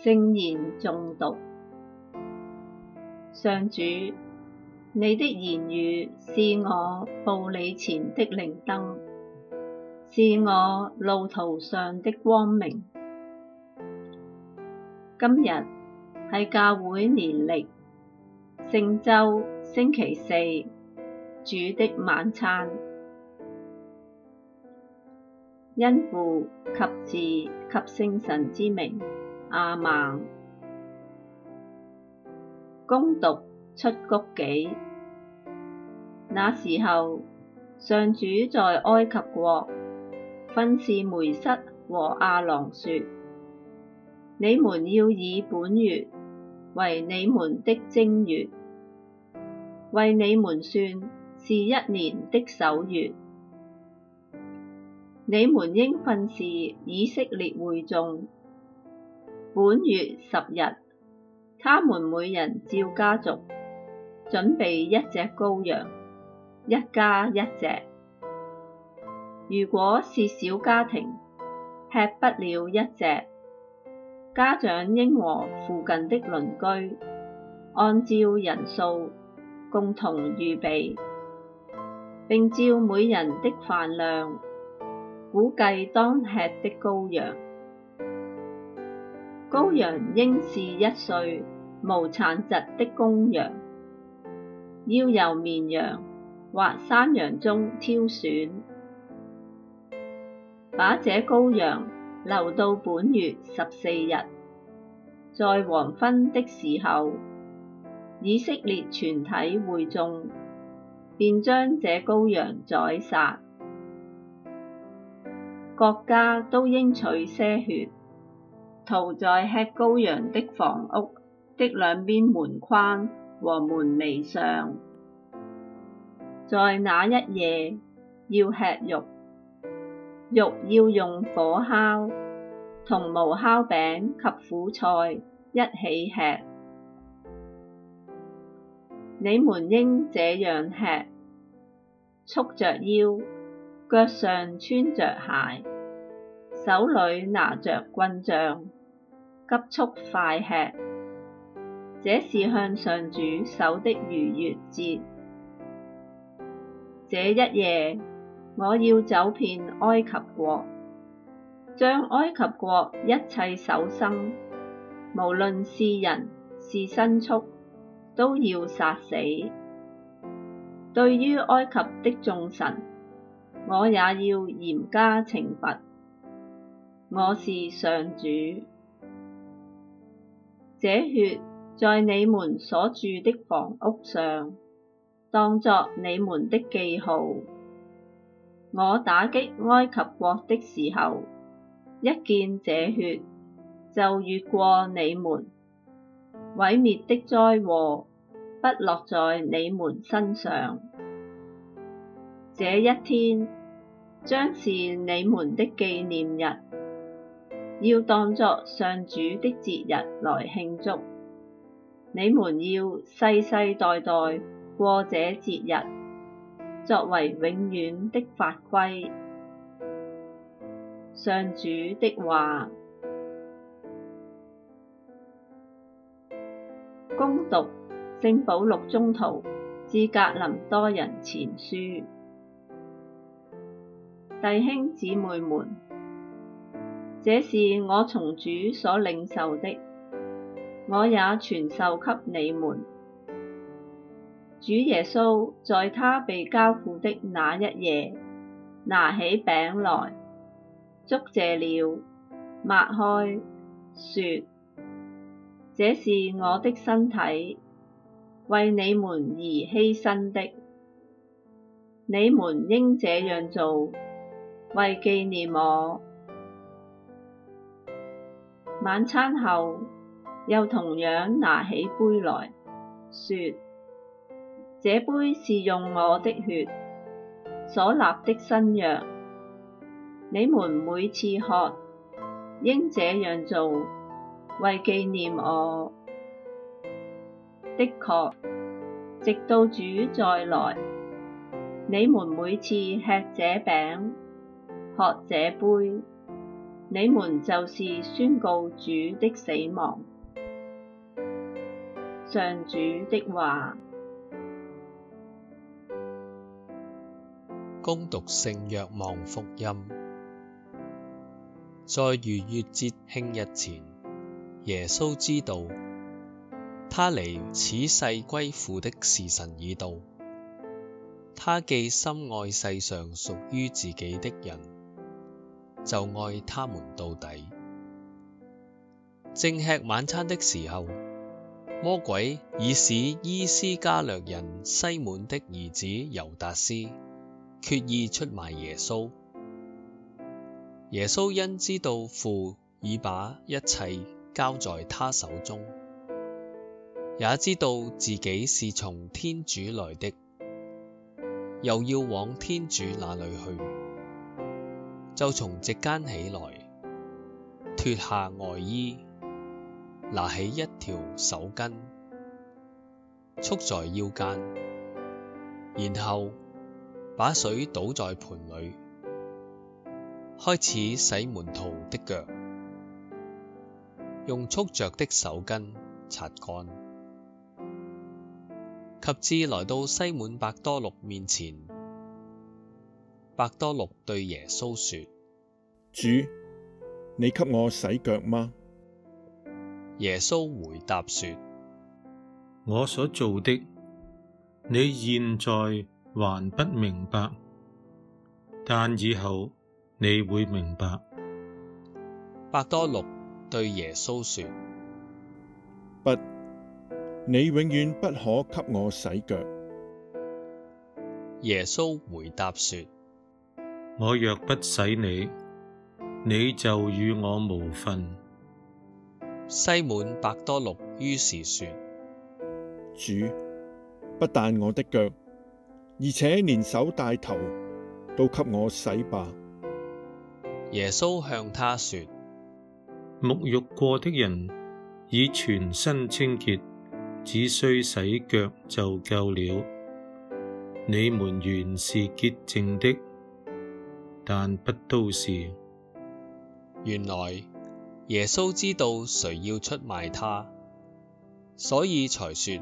聖言誦讀，上主，你的言語是我步你前的靈燈，是我路途上的光明。今日係教會年曆聖周星期四，主的晚餐，因父及子及聖神之名。阿孟。恭讀出谷紀。那時候，上主在埃及國，訓示梅瑟和亞郎說：你們要以本月為你們的正月，為你們算是一年的首月，你們應訓示以色列會眾。本月十日，他們每人照家族，準備一隻羔羊，一家一隻。如果是小家庭，吃不了一隻，家長應和附近的鄰居，按照人數，共同預備，並照每人的飯量，估計當吃的羔羊。羔羊應是一歲無殘疾的公羊，要由綿羊或山羊中挑選，把這羔羊留到本月十四日，在黃昏的時候，以色列全體會眾便將這羔羊宰殺，各家都應取些血。塗在吃羔羊的房屋的兩邊門框和門楣上，在那一夜要吃肉，肉要用火烤，同無酵餅及苦菜一起吃。你們應這樣吃，束着腰，腳上穿着鞋，手裏拿着棍杖。急速快吃，這是向上主守的逾越節。這一夜，我要走遍埃及國，將埃及國一切首生，無論是人是牲畜，都要殺死。對於埃及的眾神，我也要嚴加懲罰。我是上主。這血在你們所住的房屋上，當作你們的記號。我打擊埃及國的時候，一見這血就越過你們，毀滅的災禍不落在你們身上。這一天，將是你們的紀念日。要當作上主的節日來慶祝，你們要世世代代過這節日，作為永遠的法規。上主的話。恭讀聖保祿宗徒致格林多人前書。弟兄姊妹們。這是我從主所領受的，我也傳授給你們。主耶穌在他被交付的那一夜，拿起餅來，祝謝了，擘開，說：這是我的身體，為你們而犧牲的。你們應這樣做，為紀念我。晚餐後，又同樣拿起杯來，說：這杯是用我的血所立的新約，你們每次喝，應這樣做，為紀念我的。的確，直到主再來，你們每次吃這餅，喝這杯。你們就是宣告主的死亡。上主的話。恭讀聖若望福音，在逾越節慶日前，耶穌知道他離此世歸父的時辰已到，他既深愛世上屬於自己的人。就愛他們到底。正吃晚餐的時候，魔鬼已使伊斯加略人西滿的兒子猶達斯決意出賣耶穌。耶穌因知道父已把一切交在他手中，也知道自己是從天主來的，又要往天主那裏去。就從席間起來，脱下外衣，拿起一條手巾，束在腰間，然後把水倒在盆裏，開始洗門徒的腳，用束着的手巾擦乾。及至來到西滿伯多祿面前。伯多祿對耶穌說：主，你給我洗腳嗎？耶穌回答說：我所做的，你現在還不明白，但以後你會明白。伯多祿對耶穌說：不，你永遠不可給我洗腳。耶穌回答說：我若不洗你，你就與我無分。西滿伯多禄於是說：主，不但我的腳，而且連手帶頭、大頭都給我洗吧。耶穌向他說：沐浴過的人已全身清潔，只需洗腳就夠了。你們原是潔淨的。但不都是。原來耶穌知道誰要出賣他，所以才說：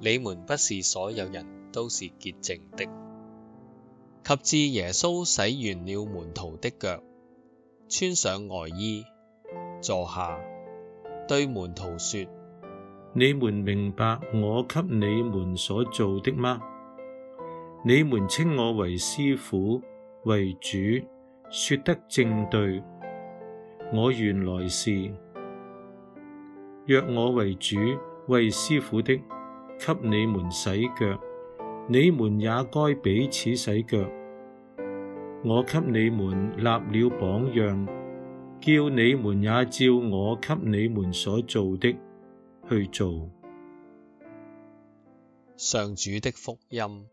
你們不是所有人都是潔淨的。及至耶穌洗完了門徒的腳，穿上外衣，坐下，對門徒說：你們明白我給你們所做的嗎？你們稱我為師父。為主，說得正對。我原來是。若我為主，為師父的，給你們洗腳，你們也該彼此洗腳。我給你們立了榜樣，叫你們也照我給你們所做的去做。上主的福音。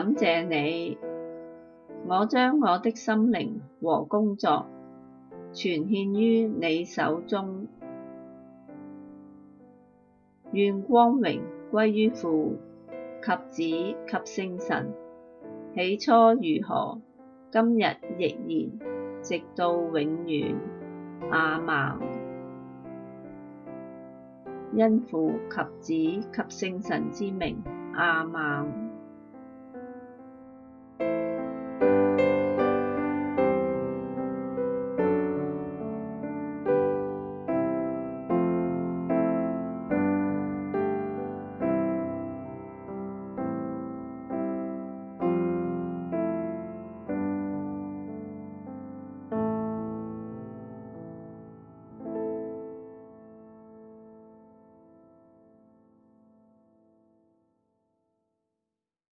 感謝你，我將我的心靈和工作全獻於你手中，願光榮歸於父及子及聖神，起初如何，今日亦然，直到永遠。阿孟，因父及子及聖神之名。阿孟。